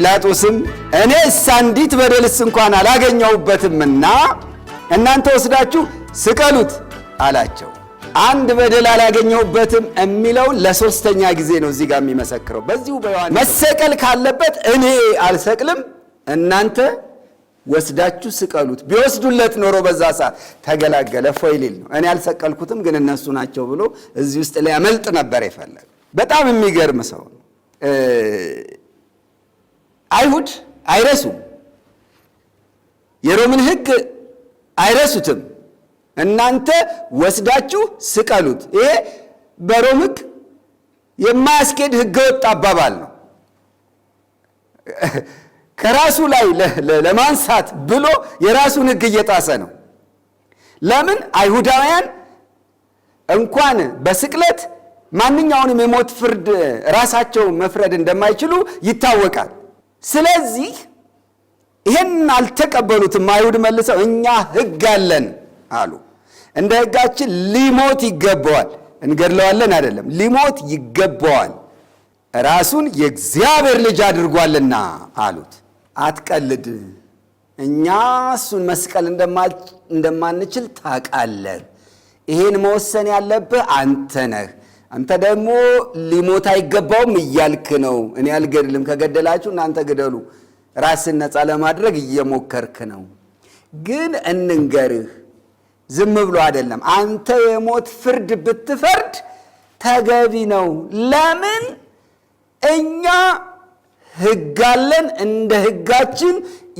ጲላጦስም እኔስ አንዲት በደልስ እንኳን አላገኘሁበትምና እናንተ ወስዳችሁ ስቀሉት አላቸው። አንድ በደል አላገኘሁበትም የሚለውን ለሶስተኛ ጊዜ ነው እዚህ ጋር የሚመሰክረው። በዚሁ በዋ መሰቀል ካለበት እኔ አልሰቅልም፣ እናንተ ወስዳችሁ ስቀሉት። ቢወስዱለት ኖሮ በዛ ሰዓት ተገላገለ እፎይ ሊል ነው። እኔ አልሰቀልኩትም፣ ግን እነሱ ናቸው ብሎ እዚህ ውስጥ ሊያመልጥ ነበር የፈለገው። በጣም የሚገርም ሰው ነው። አይሁድ አይረሱም፣ የሮምን ሕግ አይረሱትም። እናንተ ወስዳችሁ ስቀሉት። ይሄ በሮም ሕግ የማያስኬድ ሕገወጥ አባባል ነው። ከራሱ ላይ ለማንሳት ብሎ የራሱን ሕግ እየጣሰ ነው። ለምን አይሁዳውያን እንኳን በስቅለት ማንኛውንም የሞት ፍርድ ራሳቸው መፍረድ እንደማይችሉ ይታወቃል። ስለዚህ ይህን አልተቀበሉትም። አይሁድ መልሰው እኛ ሕግ አለን አሉ። እንደ ሕጋችን ሊሞት ይገባዋል። እንገድለዋለን አይደለም፣ ሊሞት ይገባዋል። ራሱን የእግዚአብሔር ልጅ አድርጓልና አሉት። አትቀልድ፣ እኛ እሱን መስቀል እንደማንችል ታውቃለህ። ይህን መወሰን ያለብህ አንተ ነህ። አንተ ደግሞ ሊሞት አይገባውም እያልክ ነው። እኔ አልገድልም፣ ከገደላችሁ እናንተ ግደሉ። ራስን ነፃ ለማድረግ እየሞከርክ ነው። ግን እንንገርህ፣ ዝም ብሎ አይደለም። አንተ የሞት ፍርድ ብትፈርድ ተገቢ ነው። ለምን? እኛ ሕግ አለን። እንደ ሕጋችን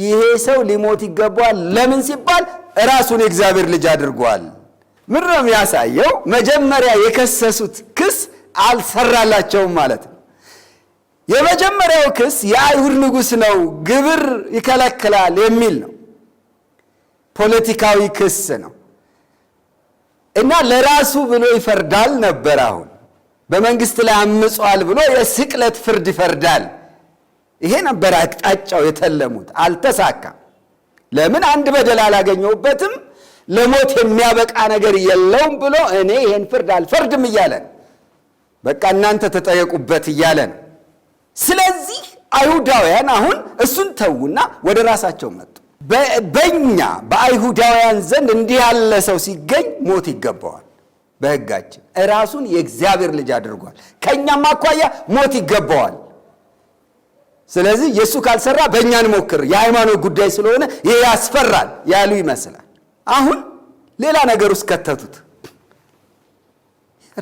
ይሄ ሰው ሊሞት ይገባዋል። ለምን ሲባል ራሱን የእግዚአብሔር ልጅ አድርጓል። ምን ነው የሚያሳየው? መጀመሪያ የከሰሱት ክስ አልሰራላቸውም ማለት ነው። የመጀመሪያው ክስ የአይሁድ ንጉሥ ነው ግብር ይከለክላል የሚል ነው። ፖለቲካዊ ክስ ነው እና ለራሱ ብሎ ይፈርዳል ነበር። አሁን በመንግስት ላይ አምጿል ብሎ የስቅለት ፍርድ ይፈርዳል። ይሄ ነበር አቅጣጫው የተለሙት። አልተሳካም። ለምን? አንድ በደል አላገኘውበትም ለሞት የሚያበቃ ነገር የለውም ብሎ እኔ ይህን ፍርድ አልፈርድም እያለ ነው። በቃ እናንተ ተጠየቁበት እያለ ነው። ስለዚህ አይሁዳውያን አሁን እሱን ተዉና ወደ ራሳቸው መጡ። በእኛ በአይሁዳውያን ዘንድ እንዲህ ያለ ሰው ሲገኝ ሞት ይገባዋል። በሕጋችን እራሱን የእግዚአብሔር ልጅ አድርጓል። ከእኛም አኳያ ሞት ይገባዋል። ስለዚህ የእሱ ካልሰራ በእኛ እንሞክር፣ የሃይማኖት ጉዳይ ስለሆነ ይህ ያስፈራል ያሉ ይመስላል። አሁን ሌላ ነገር ውስጥ ከተቱት።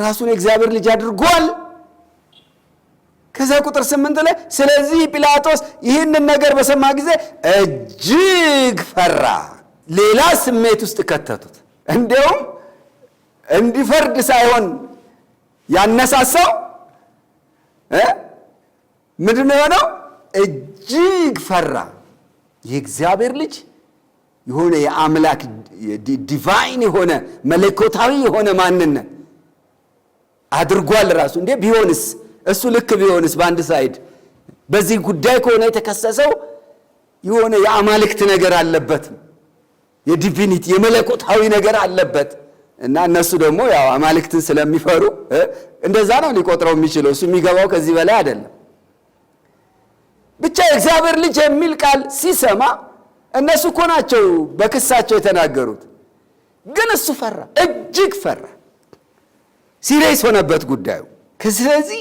ራሱን የእግዚአብሔር ልጅ አድርጓል። ከዛ ቁጥር ስምንት ላይ ስለዚህ ጲላጦስ ይህንን ነገር በሰማ ጊዜ እጅግ ፈራ። ሌላ ስሜት ውስጥ ከተቱት። እንዲያውም እንዲፈርድ ሳይሆን ያነሳሳው ምንድን ነው የሆነው? እጅግ ፈራ። የእግዚአብሔር ልጅ የሆነ የአምላክ ዲቫይን የሆነ መለኮታዊ የሆነ ማንነት አድርጓል። ራሱ እንዴ ቢሆንስ እሱ ልክ ቢሆንስ በአንድ ሳይድ በዚህ ጉዳይ ከሆነ የተከሰሰው የሆነ የአማልክት ነገር አለበት፣ የዲቪኒቲ የመለኮታዊ ነገር አለበት። እና እነሱ ደግሞ ያው አማልክትን ስለሚፈሩ እንደዛ ነው ሊቆጥረው የሚችለው እሱ የሚገባው ከዚህ በላይ አይደለም። ብቻ የእግዚአብሔር ልጅ የሚል ቃል ሲሰማ እነሱ እኮ ናቸው በክሳቸው የተናገሩት። ግን እሱ ፈራ፣ እጅግ ፈራ። ሲሬስ ሆነበት ጉዳዩ። ስለዚህ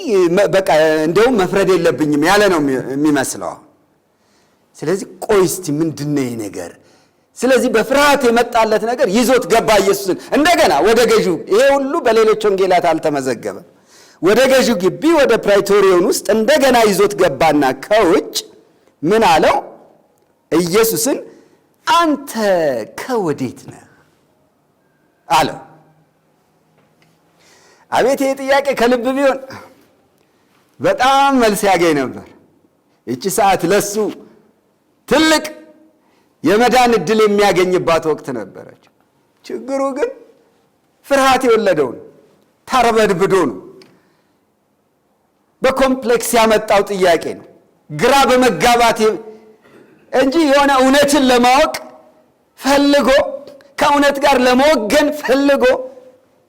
በቃ እንደውም መፍረድ የለብኝም ያለ ነው የሚመስለው። ስለዚህ ቆይ እስቲ ምንድን ነው ይህ ነገር? ስለዚህ በፍርሃት የመጣለት ነገር ይዞት ገባ ኢየሱስን እንደገና ወደ ገዢው። ይሄ ሁሉ በሌሎች ወንጌላት አልተመዘገበም። ወደ ገዢው ግቢ ወደ ፕራይቶሪዮን ውስጥ እንደገና ይዞት ገባና ከውጭ ምን አለው ኢየሱስን አንተ ከወዴት ነህ አለው። አቤት ይህ ጥያቄ ከልብ ቢሆን በጣም መልስ ያገኝ ነበር። ይቺ ሰዓት ለሱ ትልቅ የመዳን እድል የሚያገኝባት ወቅት ነበረች። ችግሩ ግን ፍርሃት የወለደው ነው፣ ታረበድብዶ ነው፣ በኮምፕሌክስ ያመጣው ጥያቄ ነው፣ ግራ በመጋባት እንጂ የሆነ እውነትን ለማወቅ ፈልጎ ከእውነት ጋር ለመወገን ፈልጎ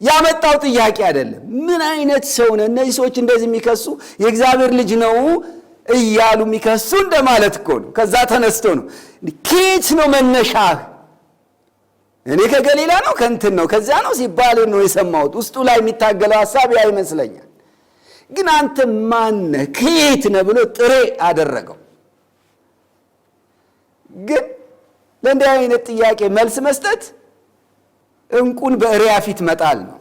ያመጣው ጥያቄ አይደለም። ምን አይነት ሰው ነው? እነዚህ ሰዎች እንደዚህ የሚከሱ የእግዚአብሔር ልጅ ነው እያሉ የሚከሱ እንደማለት እኮ ነው። ከዛ ተነስቶ ነው ኬት ነው መነሻህ? እኔ ከገሊላ ነው ከእንትን ነው ከዚያ ነው ሲባል ነው የሰማሁት። ውስጡ ላይ የሚታገለው ሀሳብ ያ ይመስለኛል። ግን አንተ ማነህ? ከየት ነህ ብሎ ጥሬ አደረገው። ግን ለእንዲህ አይነት ጥያቄ መልስ መስጠት እንቁን በእሪያ ፊት መጣል ነው።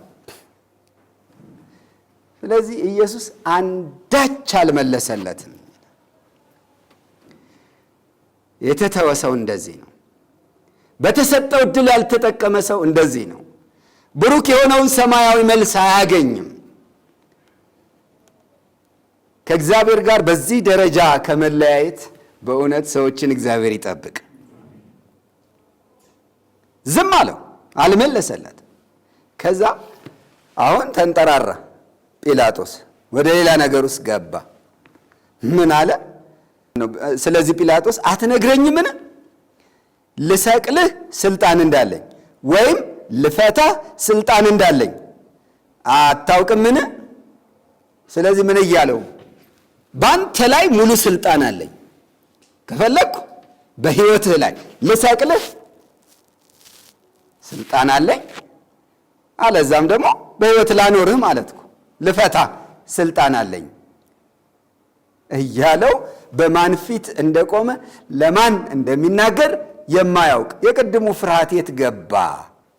ስለዚህ ኢየሱስ አንዳች አልመለሰለትም። የተተወ ሰው እንደዚህ ነው። በተሰጠው ዕድል ያልተጠቀመ ሰው እንደዚህ ነው። ብሩክ የሆነውን ሰማያዊ መልስ አያገኝም። ከእግዚአብሔር ጋር በዚህ ደረጃ ከመለያየት በእውነት ሰዎችን እግዚአብሔር ይጠብቅ። ዝም አለው፣ አልመለሰላት። ከዛ አሁን ተንጠራራ ጲላጦስ ወደ ሌላ ነገር ውስጥ ገባ። ምን አለ? ስለዚህ ጲላጦስ አትነግረኝምን? ልሰቅልህ ስልጣን እንዳለኝ ወይም ልፈታህ ስልጣን እንዳለኝ አታውቅምን? ስለዚህ ምን እያለው? ባንተ ላይ ሙሉ ስልጣን አለኝ። ከፈለግኩ በህይወትህ ላይ ልሰቅልህ ስልጣን አለኝ፣ አለዛም ደግሞ በህይወት ላኖርህ ማለት እኮ ልፈታ ስልጣን አለኝ እያለው በማን ፊት እንደቆመ ለማን እንደሚናገር የማያውቅ የቅድሙ ፍርሃት የት ገባ?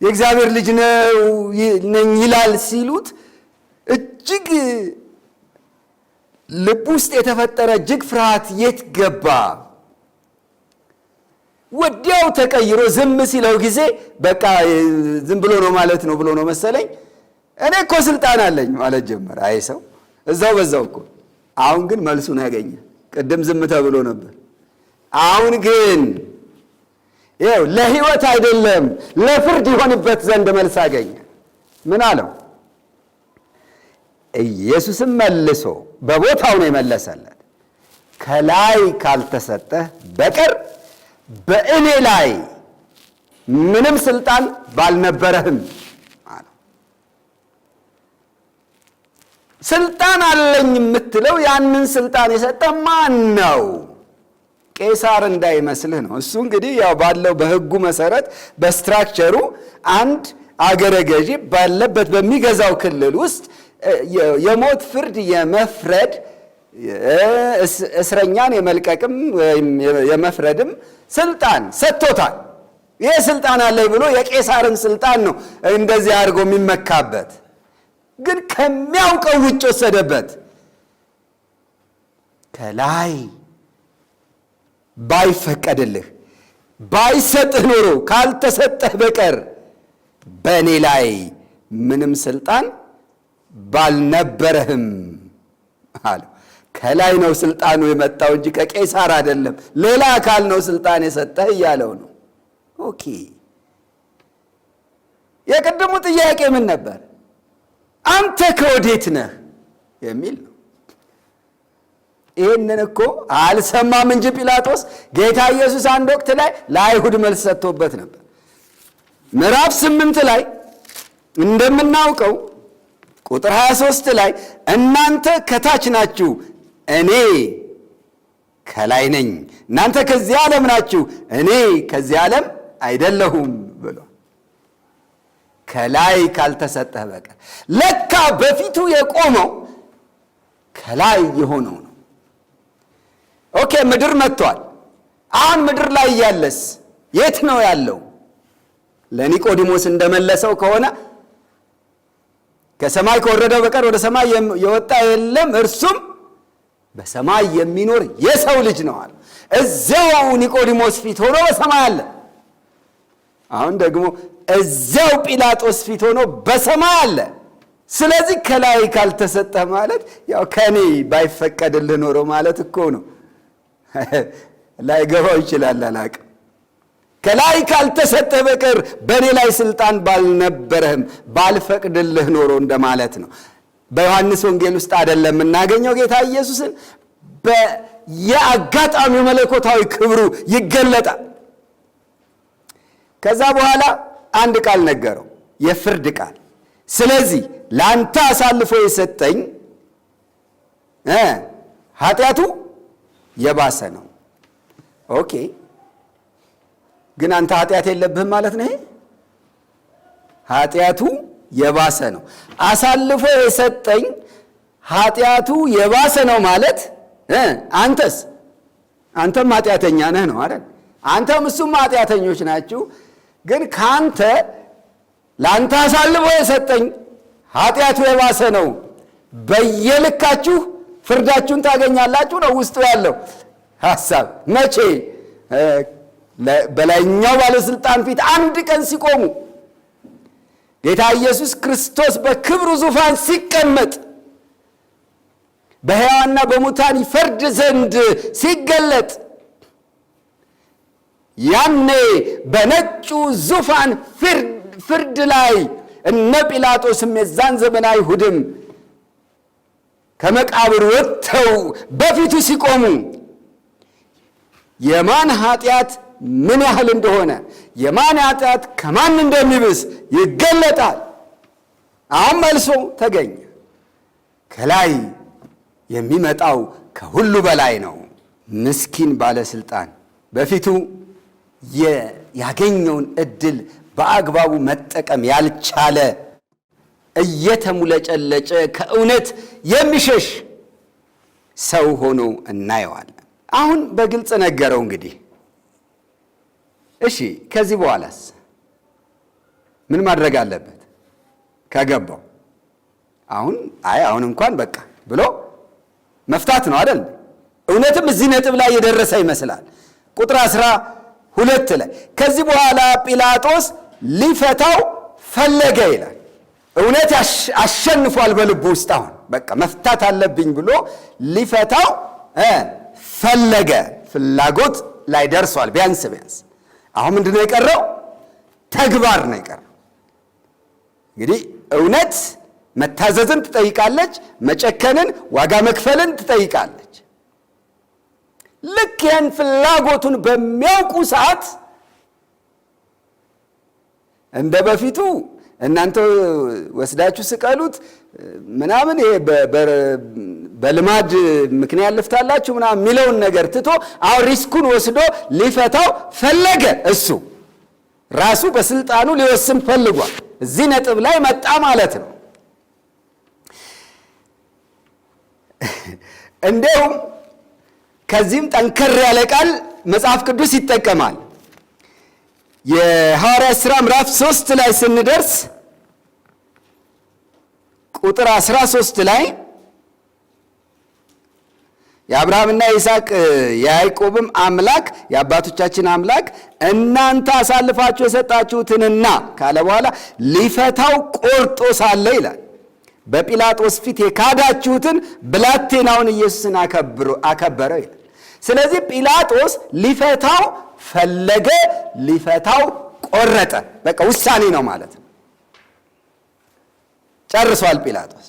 የእግዚአብሔር ልጅ ነው ነኝ ይላል ሲሉት እጅግ ልብ ውስጥ የተፈጠረ እጅግ ፍርሃት የት ገባ? ወዲያው ተቀይሮ ዝም ሲለው ጊዜ በቃ ዝም ብሎ ነው ማለት ነው ብሎ ነው መሰለኝ። እኔ እኮ ስልጣን አለኝ ማለት ጀመረ። አይ ሰው እዛው በዛው እኮ። አሁን ግን መልሱን ያገኘ። ቅድም ዝም ተብሎ ነበር። አሁን ግን ይኸው ለህይወት አይደለም ለፍርድ ይሆንበት ዘንድ መልስ አገኘ። ምን አለው? ኢየሱስም መልሶ በቦታው ነው የመለሰለት ከላይ ካልተሰጠህ በቀር በእኔ ላይ ምንም ስልጣን ባልነበረህም ስልጣን አለኝ የምትለው ያንን ስልጣን የሰጠ ማን ነው? ቄሳር እንዳይመስልህ ነው። እሱ እንግዲህ ያው ባለው በህጉ መሰረት በስትራክቸሩ አንድ አገረ ገዢ ባለበት በሚገዛው ክልል ውስጥ የሞት ፍርድ የመፍረድ እስረኛን የመልቀቅም ወይም የመፍረድም ስልጣን ሰጥቶታል። ይህ ስልጣን አለኝ ብሎ የቄሳርን ስልጣን ነው እንደዚህ አድርጎ የሚመካበት። ግን ከሚያውቀው ውጭ ወሰደበት። ከላይ ባይፈቀድልህ ባይሰጥህ ኖሮ ካልተሰጠህ በቀር በእኔ ላይ ምንም ስልጣን ባልነበረህም አለ። ከላይ ነው ስልጣኑ የመጣው እንጂ ከቄሳር አይደለም፣ ሌላ አካል ነው ስልጣን የሰጠህ እያለው ነው። ኦኬ የቅድሙ ጥያቄ ምን ነበር? አንተ ከወዴት ነህ የሚል ነው። ይህንን እኮ አልሰማም እንጂ ጲላጦስ ጌታ ኢየሱስ አንድ ወቅት ላይ ለአይሁድ መልስ ሰጥቶበት ነበር። ምዕራፍ ስምንት ላይ እንደምናውቀው ቁጥር 23 ላይ እናንተ ከታች ናችሁ እኔ ከላይ ነኝ፣ እናንተ ከዚህ ዓለም ናችሁ፣ እኔ ከዚህ ዓለም አይደለሁም ብሎ ከላይ ካልተሰጠህ በቀር ለካ በፊቱ የቆመው ከላይ የሆነው ነው። ኦኬ ምድር መጥቷል። አሁን ምድር ላይ ያለስ የት ነው ያለው? ለኒቆዲሞስ እንደመለሰው ከሆነ ከሰማይ ከወረደው በቀር ወደ ሰማይ የወጣ የለም እርሱም በሰማይ የሚኖር የሰው ልጅ ነው አለ። እዚያው ኒቆዲሞስ ፊት ሆኖ በሰማይ አለ። አሁን ደግሞ እዚያው ጲላጦስ ፊት ሆኖ በሰማይ አለ። ስለዚህ ከላይ ካልተሰጠ ማለት ያው ከኔ ባይፈቀድልህ ኖሮ ማለት እኮ ነው። ላይገባው ይችላል፣ አላቅም። ከላይ ካልተሰጠ በቀር በእኔ ላይ ስልጣን ባልነበረህም ባልፈቅድልህ ኖሮ እንደማለት ነው። በዮሐንስ ወንጌል ውስጥ አይደለም የምናገኘው ጌታ ኢየሱስን በየአጋጣሚው መለኮታዊ ክብሩ ይገለጣል። ከዛ በኋላ አንድ ቃል ነገረው፣ የፍርድ ቃል። ስለዚህ ለአንተ አሳልፎ የሰጠኝ ኃጢአቱ የባሰ ነው። ኦኬ፣ ግን አንተ ኃጢአት የለብህም ማለት ነው። ኃጢአቱ የባሰ ነው። አሳልፎ የሰጠኝ ኃጢአቱ የባሰ ነው ማለት አንተስ አንተም ኃጢአተኛ ነህ ነው አይደል? አንተም እሱም ኃጢአተኞች ናችሁ። ግን ከአንተ ለአንተ አሳልፎ የሰጠኝ ኃጢአቱ የባሰ ነው። በየልካችሁ ፍርዳችሁን ታገኛላችሁ ነው ውስጡ ያለው ሀሳብ። መቼ በላይኛው ባለስልጣን ፊት አንድ ቀን ሲቆሙ ጌታ ኢየሱስ ክርስቶስ በክብሩ ዙፋን ሲቀመጥ በሕያዋና በሙታን ይፈርድ ዘንድ ሲገለጥ ያኔ በነጩ ዙፋን ፍርድ ላይ እነ ጲላጦስም የዛን ዘመን አይሁድም ከመቃብር ወጥተው በፊቱ ሲቆሙ የማን ኃጢአት ምን ያህል እንደሆነ የማን ኃጢአት ከማን እንደሚብስ ይገለጣል። አሁን መልሶ ተገኘ። ከላይ የሚመጣው ከሁሉ በላይ ነው። ምስኪን ባለስልጣን በፊቱ ያገኘውን እድል በአግባቡ መጠቀም ያልቻለ እየተሙለጨለጨ ከእውነት የሚሸሽ ሰው ሆኖ እናየዋለን። አሁን በግልጽ ነገረው እንግዲህ እሺ ከዚህ በኋላስ ምን ማድረግ አለበት? ከገባው አሁን አይ አሁን እንኳን በቃ ብሎ መፍታት ነው አይደል? እውነትም እዚህ ነጥብ ላይ የደረሰ ይመስላል። ቁጥር አስራ ሁለት ላይ ከዚህ በኋላ ጲላጦስ ሊፈታው ፈለገ ይላል። እውነት አሸንፏል በልቡ ውስጥ አሁን በቃ መፍታት አለብኝ ብሎ ሊፈታው ፈለገ። ፍላጎት ላይ ደርሷል ቢያንስ ቢያንስ አሁን ምንድነው የቀረው? ተግባር ነው የቀረው። እንግዲህ እውነት መታዘዝን ትጠይቃለች፣ መጨከንን፣ ዋጋ መክፈልን ትጠይቃለች። ልክ ይህን ፍላጎቱን በሚያውቁ ሰዓት እንደ በፊቱ እናንተ ወስዳችሁ ስቀሉት ምናምን ይሄ በልማድ ምክንያት ልፍታላችሁ ምናምን የሚለውን ነገር ትቶ አሁን ሪስኩን ወስዶ ሊፈታው ፈለገ። እሱ ራሱ በስልጣኑ ሊወስን ፈልጓል። እዚህ ነጥብ ላይ መጣ ማለት ነው። እንዲሁም ከዚህም ጠንከር ያለ ቃል መጽሐፍ ቅዱስ ይጠቀማል። የሐዋርያ ሥራ ምዕራፍ ሶስት ላይ ስንደርስ ቁጥር አስራ ሶስት ላይ የአብርሃምና የይስሐቅ የያዕቆብም አምላክ የአባቶቻችን አምላክ እናንተ አሳልፋችሁ የሰጣችሁትንና ካለ በኋላ ሊፈታው ቆርጦ ሳለ ይላል በጲላጦስ ፊት የካዳችሁትን ብላቴናውን ኢየሱስን አከበረው ይላል። ስለዚህ ጲላጦስ ሊፈታው ፈለገ፣ ሊፈታው ቆረጠ። በቃ ውሳኔ ነው ማለት ነው። ጨርሷል ጲላጦስ።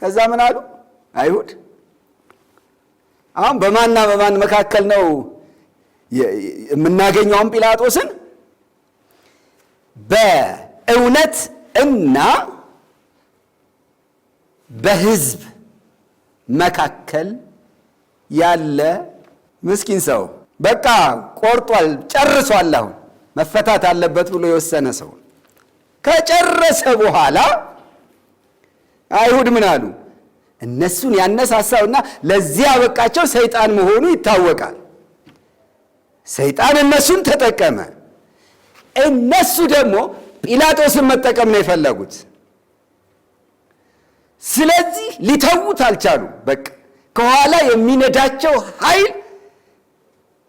ከዛ ምን አሉ አይሁድ? አሁን በማንና በማን መካከል ነው የምናገኘውን ጲላጦስን በእውነት እና በሕዝብ መካከል ያለ ምስኪን ሰው በቃ ቆርጧል፣ ጨርሷል፣ አሁን መፈታት አለበት ብሎ የወሰነ ሰው ከጨረሰ በኋላ አይሁድ ምን አሉ? እነሱን ያነሳሳውና ለዚህ ያበቃቸው ሰይጣን መሆኑ ይታወቃል። ሰይጣን እነሱን ተጠቀመ። እነሱ ደግሞ ጲላጦስን መጠቀም ነው የፈለጉት። ስለዚህ ሊተዉት አልቻሉ። በቃ ከኋላ የሚነዳቸው ኃይል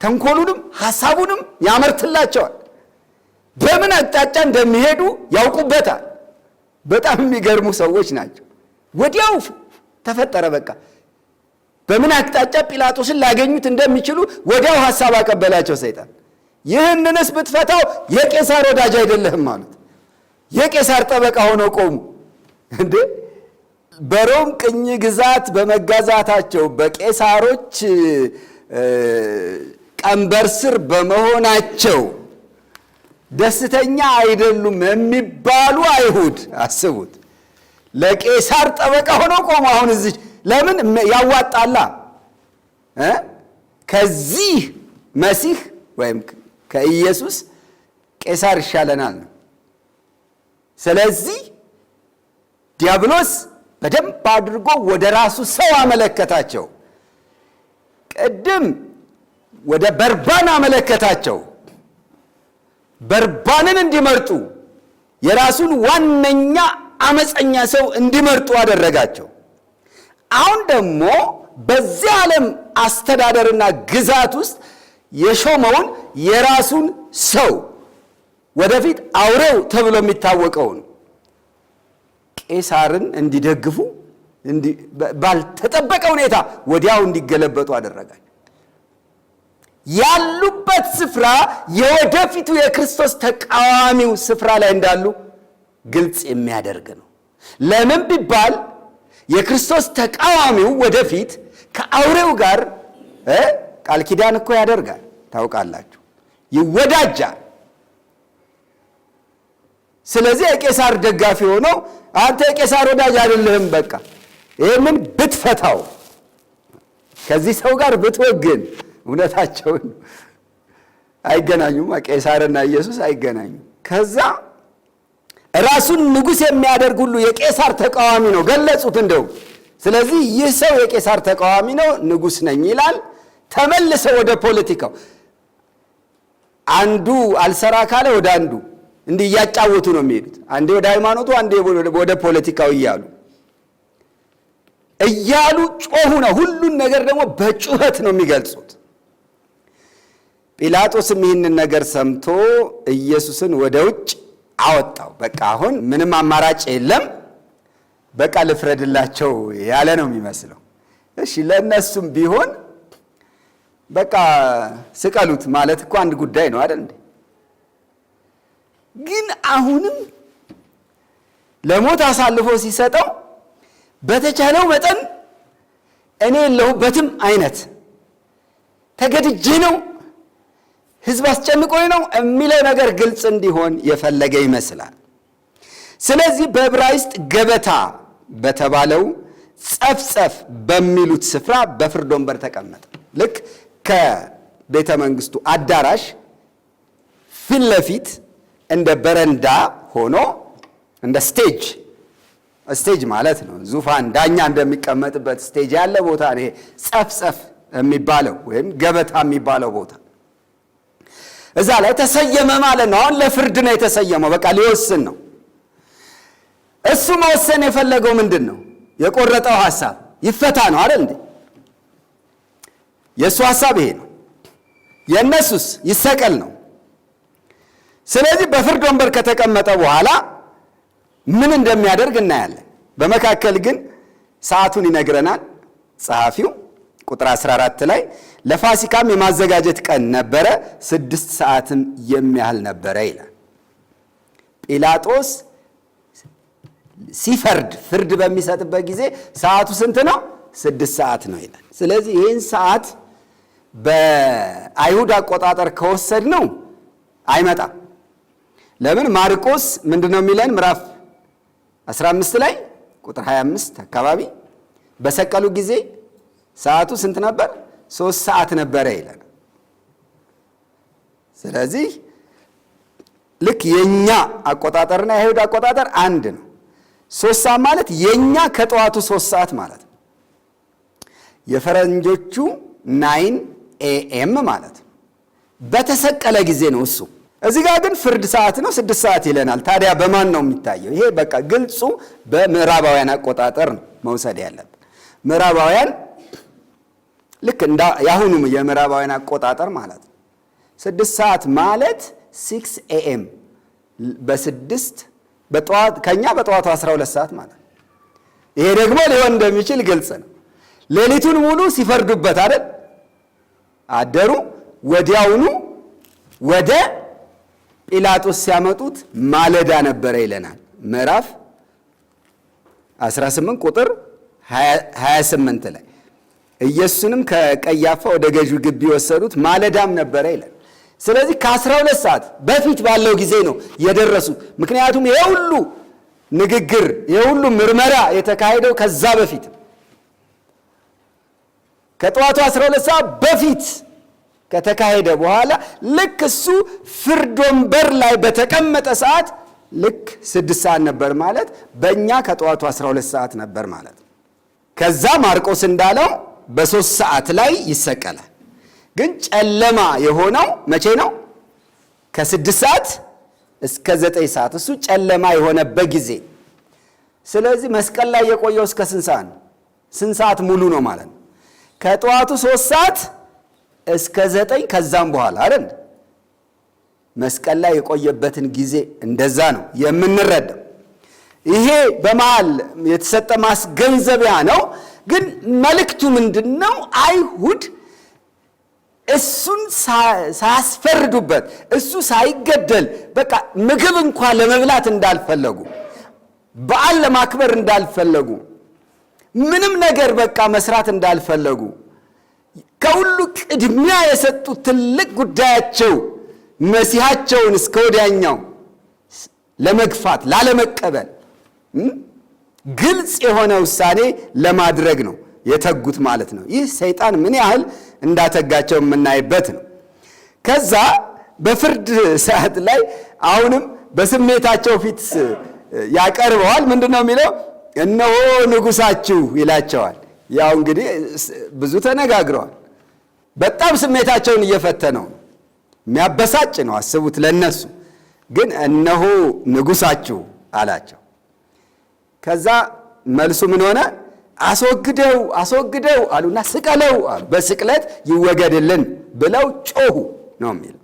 ተንኮሉንም ሐሳቡንም ያመርትላቸዋል። በምን አቅጣጫ እንደሚሄዱ ያውቁበታል። በጣም የሚገርሙ ሰዎች ናቸው። ወዲያው ተፈጠረ። በቃ በምን አቅጣጫ ጲላጦስን ላገኙት እንደሚችሉ ወዲያው ሐሳብ አቀበላቸው ሰይጣን። ይህንንስ ብትፈታው የቄሳር ወዳጅ አይደለህም አሉት። የቄሳር ጠበቃ ሆነው ቆሙ። እንዴ በሮም ቅኝ ግዛት በመጋዛታቸው በቄሳሮች ቀንበር ስር በመሆናቸው ደስተኛ አይደሉም የሚባሉ አይሁድ አስቡት። ለቄሳር ጠበቃ ሆነው ቆሙ። አሁን እዚህ ለምን ያዋጣላ ከዚህ መሲህ ወይም ከኢየሱስ ቄሳር ይሻለናል ነው። ስለዚህ ዲያብሎስ በደንብ አድርጎ ወደ ራሱ ሰው አመለከታቸው ቅድም ወደ በርባን አመለከታቸው። በርባንን እንዲመርጡ የራሱን ዋነኛ አመፀኛ ሰው እንዲመርጡ አደረጋቸው። አሁን ደግሞ በዚህ ዓለም አስተዳደርና ግዛት ውስጥ የሾመውን የራሱን ሰው ወደፊት አውሬው ተብሎ የሚታወቀውን ቄሳርን እንዲደግፉ ባልተጠበቀ ሁኔታ ወዲያው እንዲገለበጡ አደረጋቸው። ያሉበት ስፍራ የወደፊቱ የክርስቶስ ተቃዋሚው ስፍራ ላይ እንዳሉ ግልጽ የሚያደርግ ነው። ለምን ቢባል የክርስቶስ ተቃዋሚው ወደፊት ከአውሬው ጋር ቃል ኪዳን እኮ ያደርጋል፣ ታውቃላችሁ፣ ይወዳጃል። ስለዚህ የቄሳር ደጋፊ የሆነው አንተ የቄሳር ወዳጅ አይደለህም፣ በቃ ይህንን ብትፈታው ከዚህ ሰው ጋር ብትወግን እውነታቸውን አይገናኙም። ቄሳርና ኢየሱስ አይገናኙም። ከዛ ራሱን ንጉሥ የሚያደርግ ሁሉ የቄሳር ተቃዋሚ ነው ገለጹት። እንደው ስለዚህ ይህ ሰው የቄሳር ተቃዋሚ ነው፣ ንጉሥ ነኝ ይላል። ተመልሰው ወደ ፖለቲካው አንዱ አልሰራ ካለ ወደ አንዱ እንዲህ እያጫወቱ ነው የሚሄዱት። አንዴ ወደ ሃይማኖቱ፣ አንዴ ወደ ፖለቲካው እያሉ እያሉ ጮሁ ነው። ሁሉን ነገር ደግሞ በጩኸት ነው የሚገልጹት። ጲላጦስም ይህንን ነገር ሰምቶ ኢየሱስን ወደ ውጭ አወጣው። በቃ አሁን ምንም አማራጭ የለም፣ በቃ ልፍረድላቸው ያለ ነው የሚመስለው። እሺ ለእነሱም ቢሆን በቃ ስቀሉት ማለት እኮ አንድ ጉዳይ ነው አይደል ግን አሁንም ለሞት አሳልፎ ሲሰጠው በተቻለው መጠን እኔ የለሁበትም አይነት ተገድጄ ነው ህዝብ አስጨንቆኝ ነው የሚለው ነገር ግልጽ እንዲሆን የፈለገ ይመስላል። ስለዚህ በዕብራይስጥ ገበታ በተባለው ጸፍጸፍ በሚሉት ስፍራ በፍርድ ወንበር ተቀመጠ። ልክ ከቤተ መንግስቱ አዳራሽ ፊት ለፊት እንደ በረንዳ ሆኖ እንደ ስቴጅ ስቴጅ ማለት ነው። ዙፋን ዳኛ እንደሚቀመጥበት ስቴጅ ያለ ቦታ ይሄ ጸፍጸፍ የሚባለው ወይም ገበታ የሚባለው ቦታ እዛ ላይ ተሰየመ ማለት ነው። አሁን ለፍርድ ነው የተሰየመው። በቃ ሊወስን ነው። እሱ መወሰን የፈለገው ምንድን ነው? የቆረጠው ሐሳብ ይፈታ ነው አይደል እንዴ? የእሱ ሐሳብ ይሄ ነው። የእነሱስ ይሰቀል ነው። ስለዚህ በፍርድ ወንበር ከተቀመጠ በኋላ ምን እንደሚያደርግ እናያለን። በመካከል ግን ሰዓቱን ይነግረናል ጸሐፊው። ቁጥር 14 ላይ ለፋሲካም የማዘጋጀት ቀን ነበረ፣ ስድስት ሰዓትም የሚያህል ነበረ ይላል። ጲላጦስ ሲፈርድ ፍርድ በሚሰጥበት ጊዜ ሰዓቱ ስንት ነው? ስድስት ሰዓት ነው ይላል። ስለዚህ ይህን ሰዓት በአይሁድ አቆጣጠር ከወሰድ ነው አይመጣም። ለምን ማርቆስ ምንድን ነው የሚለን? ምዕራፍ 15 ላይ ቁጥር 25 አካባቢ በሰቀሉ ጊዜ ሰዓቱ ስንት ነበር? ሶስት ሰዓት ነበረ ይለን። ስለዚህ ልክ የኛ አቆጣጠርና የአይሁድ አቆጣጠር አንድ ነው። ሶስት ሰዓት ማለት የኛ ከጠዋቱ ሶስት ሰዓት ማለት ነው። የፈረንጆቹ ናይን ኤኤም ማለት ነው። በተሰቀለ ጊዜ ነው እሱ። እዚህ ጋር ግን ፍርድ ሰዓት ነው፣ ስድስት ሰዓት ይለናል። ታዲያ በማን ነው የሚታየው? ይሄ በቃ ግልጹ በምዕራባውያን አቆጣጠር ነው መውሰድ ያለብን ምዕራባውያን ልክ እንዳ የአሁኑም የምዕራባውያን አቆጣጠር ማለት ነው። ስድስት ሰዓት ማለት ሲክስ ኤኤም በስድስት በጠዋት ከእኛ በጠዋቱ 12 ሰዓት ማለት ነው። ይሄ ደግሞ ሊሆን እንደሚችል ግልጽ ነው። ሌሊቱን ሙሉ ሲፈርዱበት አይደል አደሩ። ወዲያውኑ ወደ ጲላጦስ ሲያመጡት ማለዳ ነበረ ይለናል ምዕራፍ 18 ቁጥር 28 ላይ ኢየሱስንም ከቀያፋ ወደ ገዢ ግቢ ወሰዱት፣ ማለዳም ነበረ ይላል። ስለዚህ ከ ሁለት ሰዓት በፊት ባለው ጊዜ ነው የደረሱት። ምክንያቱም ይሄ ሁሉ ንግግር ይሄ ሁሉ ምርመራ የተካሄደው ከዛ በፊት ከጠዋቱ 12 ሰዓት በፊት ከተካሄደ በኋላ ልክ እሱ ፍርድ ወንበር ላይ በተቀመጠ ሰዓት ልክ ስድስት ሰዓት ነበር ማለት በእኛ ከጠዋቱ 12 ሰዓት ነበር ማለት። ከዛ ማርቆስ እንዳለው በሶስት ሰዓት ላይ ይሰቀላል። ግን ጨለማ የሆነው መቼ ነው? ከስድስት ሰዓት እስከ ዘጠኝ ሰዓት እሱ ጨለማ የሆነበት ጊዜ። ስለዚህ መስቀል ላይ የቆየው እስከ ስንት ሰዓት ነው? ስንት ሰዓት ሙሉ ነው ማለት ነው? ከጠዋቱ ሶስት ሰዓት እስከ ዘጠኝ ከዛም በኋላ አይደል? መስቀል ላይ የቆየበትን ጊዜ እንደዛ ነው የምንረዳው። ይሄ በመሃል የተሰጠ ማስገንዘቢያ ነው። ግን መልእክቱ ምንድን ነው? አይሁድ እሱን ሳያስፈርዱበት እሱ ሳይገደል በቃ ምግብ እንኳ ለመብላት እንዳልፈለጉ፣ በዓል ለማክበር እንዳልፈለጉ፣ ምንም ነገር በቃ መስራት እንዳልፈለጉ ከሁሉ ቅድሚያ የሰጡት ትልቅ ጉዳያቸው መሲሃቸውን እስከ ወዲያኛው ለመግፋት ላለመቀበል ግልጽ የሆነ ውሳኔ ለማድረግ ነው የተጉት ማለት ነው። ይህ ሰይጣን ምን ያህል እንዳተጋቸው የምናይበት ነው። ከዛ በፍርድ ሰዓት ላይ አሁንም በስሜታቸው ፊት ያቀርበዋል። ምንድን ነው የሚለው? እነሆ ንጉሳችሁ ይላቸዋል። ያው እንግዲህ ብዙ ተነጋግረዋል። በጣም ስሜታቸውን እየፈተነው ነው። የሚያበሳጭ ነው። አስቡት። ለነሱ ግን እነሆ ንጉሳችሁ አላቸው። ከዛ መልሱ ምን ሆነ? አስወግደው አስወግደው አሉና ስቀለው አሉ። በስቅለት ይወገድልን ብለው ጮሁ ነው የሚለው።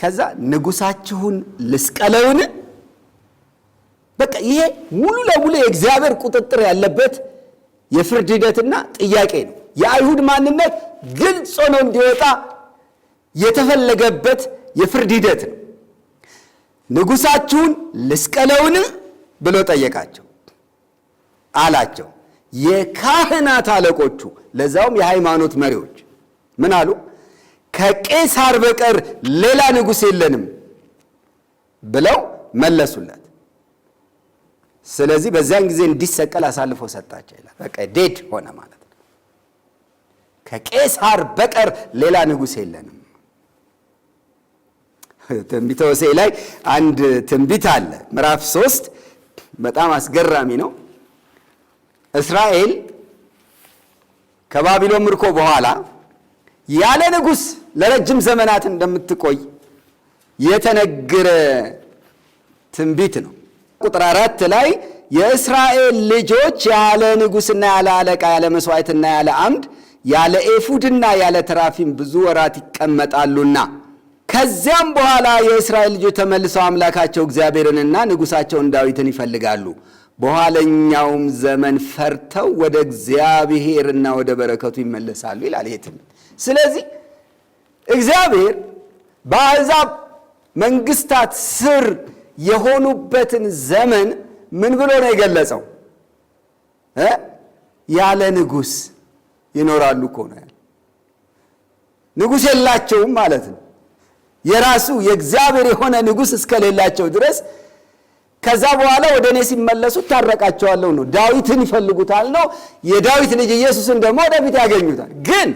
ከዛ ንጉሳችሁን ልስቀለውን? በቃ ይሄ ሙሉ ለሙሉ የእግዚአብሔር ቁጥጥር ያለበት የፍርድ ሂደትና ጥያቄ ነው። የአይሁድ ማንነት ግልጽ ሆኖ እንዲወጣ የተፈለገበት የፍርድ ሂደት ነው። ንጉሳችሁን ልስቀለውን ብሎ ጠየቃቸው። አላቸው። የካህናት አለቆቹ ለዛውም የሃይማኖት መሪዎች ምን አሉ? ከቄሳር በቀር ሌላ ንጉሥ የለንም ብለው መለሱለት። ስለዚህ በዚያን ጊዜ እንዲሰቀል አሳልፎ ሰጣቸው ይላል። በቃ ዴድ ሆነ ማለት ነው። ከቄሳር በቀር ሌላ ንጉሥ የለንም። ትንቢተ ሆሴዕ ላይ አንድ ትንቢት አለ። ምዕራፍ ሶስት በጣም አስገራሚ ነው። እስራኤል ከባቢሎን ምርኮ በኋላ ያለ ንጉሥ ለረጅም ዘመናት እንደምትቆይ የተነገረ ትንቢት ነው። ቁጥር አራት ላይ የእስራኤል ልጆች ያለ ንጉሥና ያለ አለቃ፣ ያለ መሥዋዕትና ያለ አምድ፣ ያለ ኤፉድና ያለ ተራፊም ብዙ ወራት ይቀመጣሉና ከዚያም በኋላ የእስራኤል ልጆች ተመልሰው አምላካቸው እግዚአብሔርንና ንጉሣቸውን ዳዊትን ይፈልጋሉ። በኋለኛውም ዘመን ፈርተው ወደ እግዚአብሔርና ወደ በረከቱ ይመለሳሉ ይላል ይሄ ትምህርት። ስለዚህ እግዚአብሔር በአሕዛብ መንግስታት ስር የሆኑበትን ዘመን ምን ብሎ ነው የገለጸው? ያለ ንጉሥ ይኖራሉ እኮ ነው ያለ። ንጉሥ የላቸውም ማለት ነው። የራሱ የእግዚአብሔር የሆነ ንጉሥ እስከሌላቸው ድረስ ከዛ በኋላ ወደ እኔ ሲመለሱ ታረቃቸዋለሁ ነው። ዳዊትን ይፈልጉታል ነው። የዳዊት ልጅ ኢየሱስን ደግሞ ወደፊት ያገኙታል። ግን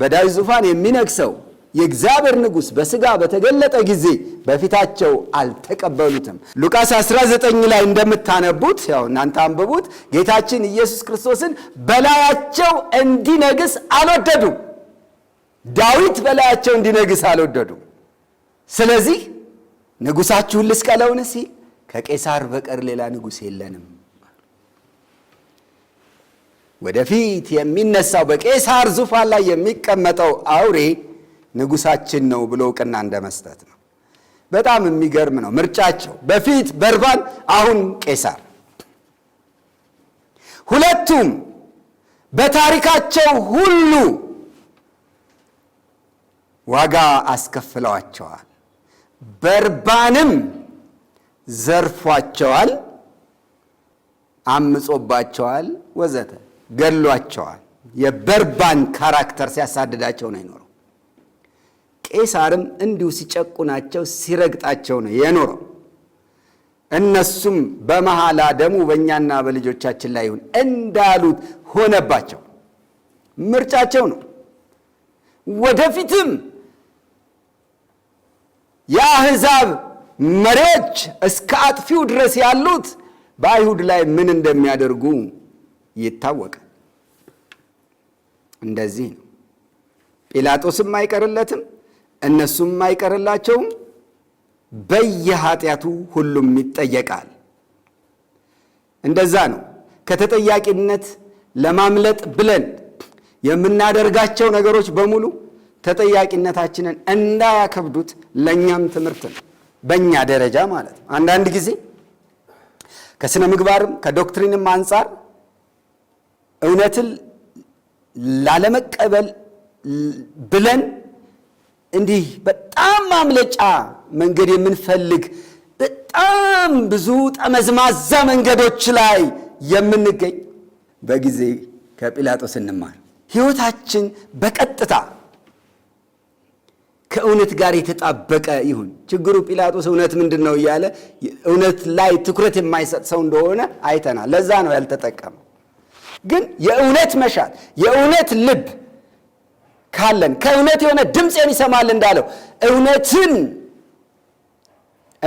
በዳዊት ዙፋን የሚነግሰው የእግዚአብሔር ንጉሥ በስጋ በተገለጠ ጊዜ በፊታቸው አልተቀበሉትም። ሉቃስ 19 ላይ እንደምታነቡት ያው እናንተ አንብቡት። ጌታችን ኢየሱስ ክርስቶስን በላያቸው እንዲነግስ አልወደዱ ዳዊት በላያቸው እንዲነግስ አልወደዱ ስለዚህ ንጉሳችሁን ልስቀለውን ሲል ከቄሳር በቀር ሌላ ንጉሥ የለንም። ወደፊት የሚነሳው በቄሳር ዙፋን ላይ የሚቀመጠው አውሬ ንጉሳችን ነው ብሎ እውቅና እንደ መስጠት ነው። በጣም የሚገርም ነው ምርጫቸው። በፊት በርባን፣ አሁን ቄሳር። ሁለቱም በታሪካቸው ሁሉ ዋጋ አስከፍለዋቸዋል። በርባንም ዘርፏቸዋል፣ አምጾባቸዋል፣ ወዘተ ገሏቸዋል። የበርባን ካራክተር ሲያሳድዳቸው ነው የኖረው። ቄሳርም እንዲሁ ሲጨቁናቸው ሲረግጣቸው ነው የኖረው። እነሱም በመሐላ ደሙ በእኛና በልጆቻችን ላይ ይሁን እንዳሉት ሆነባቸው። ምርጫቸው ነው ወደፊትም የአሕዛብ መሪዎች እስከ አጥፊው ድረስ ያሉት በአይሁድ ላይ ምን እንደሚያደርጉ ይታወቃል። እንደዚህ ነው። ጲላጦስም አይቀርለትም፣ እነሱም አይቀርላቸውም። በየኃጢአቱ ሁሉም ይጠየቃል። እንደዛ ነው። ከተጠያቂነት ለማምለጥ ብለን የምናደርጋቸው ነገሮች በሙሉ ተጠያቂነታችንን እንዳያከብዱት ለእኛም ትምህርት ነው፣ በእኛ ደረጃ ማለት ነው። አንዳንድ ጊዜ ከሥነ ምግባርም ከዶክትሪንም አንጻር እውነትን ላለመቀበል ብለን እንዲህ በጣም ማምለጫ መንገድ የምንፈልግ በጣም ብዙ ጠመዝማዛ መንገዶች ላይ የምንገኝ በጊዜ ከጲላጦስ እንማር። ሕይወታችን በቀጥታ ከእውነት ጋር የተጣበቀ ይሁን። ችግሩ ጲላጦስ እውነት ምንድን ነው እያለ እውነት ላይ ትኩረት የማይሰጥ ሰው እንደሆነ አይተናል። ለዛ ነው ያልተጠቀመው። ግን የእውነት መሻት የእውነት ልብ ካለን ከእውነት የሆነ ድምፄን ይሰማል እንዳለው እውነትን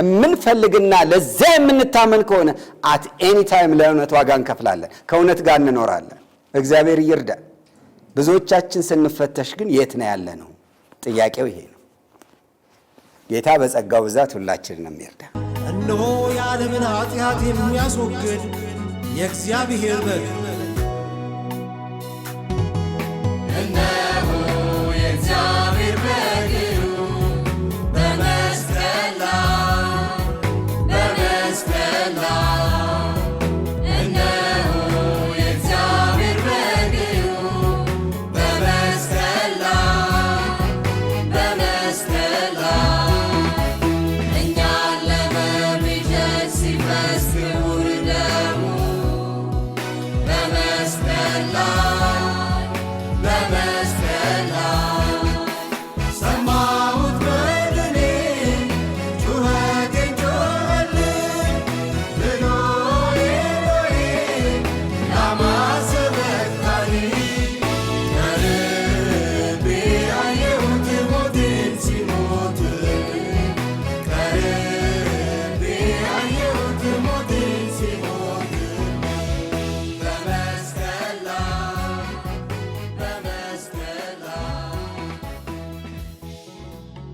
የምንፈልግና ለዚያ የምንታመን ከሆነ አት ኤኒ ታይም ለእውነት ዋጋ እንከፍላለን። ከእውነት ጋር እንኖራለን። እግዚአብሔር ይርዳ? ብዙዎቻችን ስንፈተሽ ግን የት ነው ያለ ነው ጥያቄው ይሄ ነው። ጌታ በጸጋው ብዛት ሁላችንን የሚርዳ እነሆ የዓለምን ኃጢአት የሚያስወግድ የእግዚአብሔር በግ